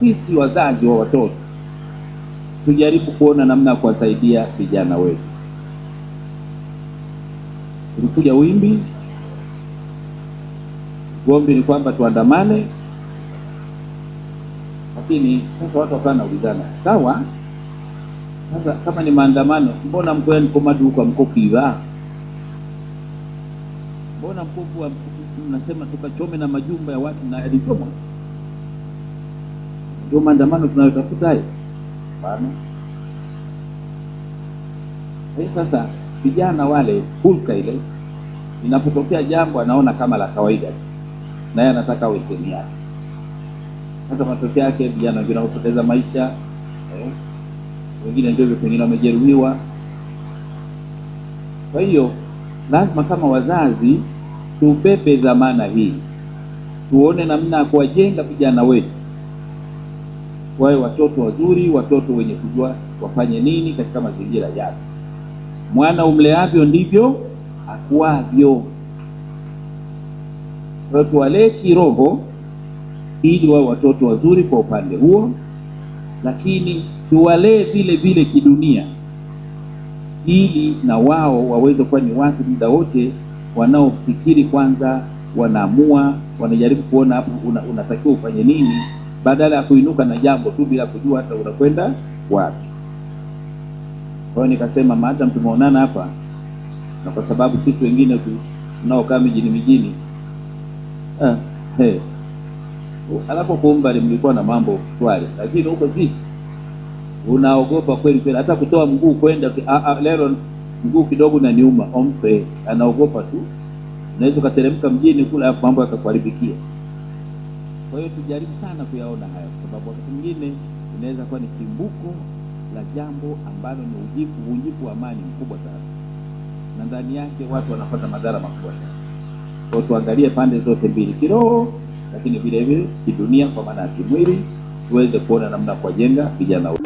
Sisi wazazi wa watoto tujaribu kuona namna ya kuwasaidia vijana wetu. Ulikuja wimbi, gombi ni kwamba tuandamane, lakini sasa watu wakawa naulizana, sawa, sasa kama ni maandamano, mbona mkoani komaduka mkokiva mbona mkovu mnasema tukachome na majumba ya watu na yalichoma ndio maandamano tunayotafuta hayo. sasa vijana wale, hulka ile inapotokea jambo anaona kama la kawaida tu, naye anataka awe sehemu yake. Sasa matokeo yake vijana wengine wamepoteza maisha eh, wengine ndio pengine wamejeruhiwa. Kwa hiyo lazima kama wazazi tubebe dhamana hii, tuone namna ya kuwajenga vijana wetu wawe watoto wazuri, watoto wenye kujua wafanye nini katika mazingira yao. Mwana umleavyo ndivyo akuavyo. Tuwalee kiroho ili wawe watoto wazuri kwa upande huo, lakini tuwalee vile vile kidunia ili na wao waweze kuwa ni watu muda wote wanaofikiri kwanza, wanaamua, wanajaribu kuona hapo unatakiwa una ufanye nini badala ya kuinuka na jambo tu bila kujua hata unakwenda wapi. Kwa hiyo nikasema maadamu tumeonana hapa, na kwa sababu kitu wengine tu unaokaa mijini mijini, ah, hey. Alafu kumbali mlikuwa na mambo swali, lakini huko vipi, unaogopa kweli kweli, hata kutoa mguu kwenda ah, ah, leo mguu kidogo na niuma ompe, anaogopa tu, unaweza ukateremka mjini kule, alafu mambo yakakuharibikia. Kwa hiyo tujaribu sana kuyaona haya, kwa sababu wakati mwingine inaweza kuwa ni kimbuko la jambo ambalo ni ujifu ujifu wa amani mkubwa sana, na ndani yake watu wanapata madhara makubwa sana. Kwa tuangalie pande zote mbili, kiroho lakini vile vile kidunia, kwa maana ya kimwili, tuweze kuona namna kuwajenga vijana.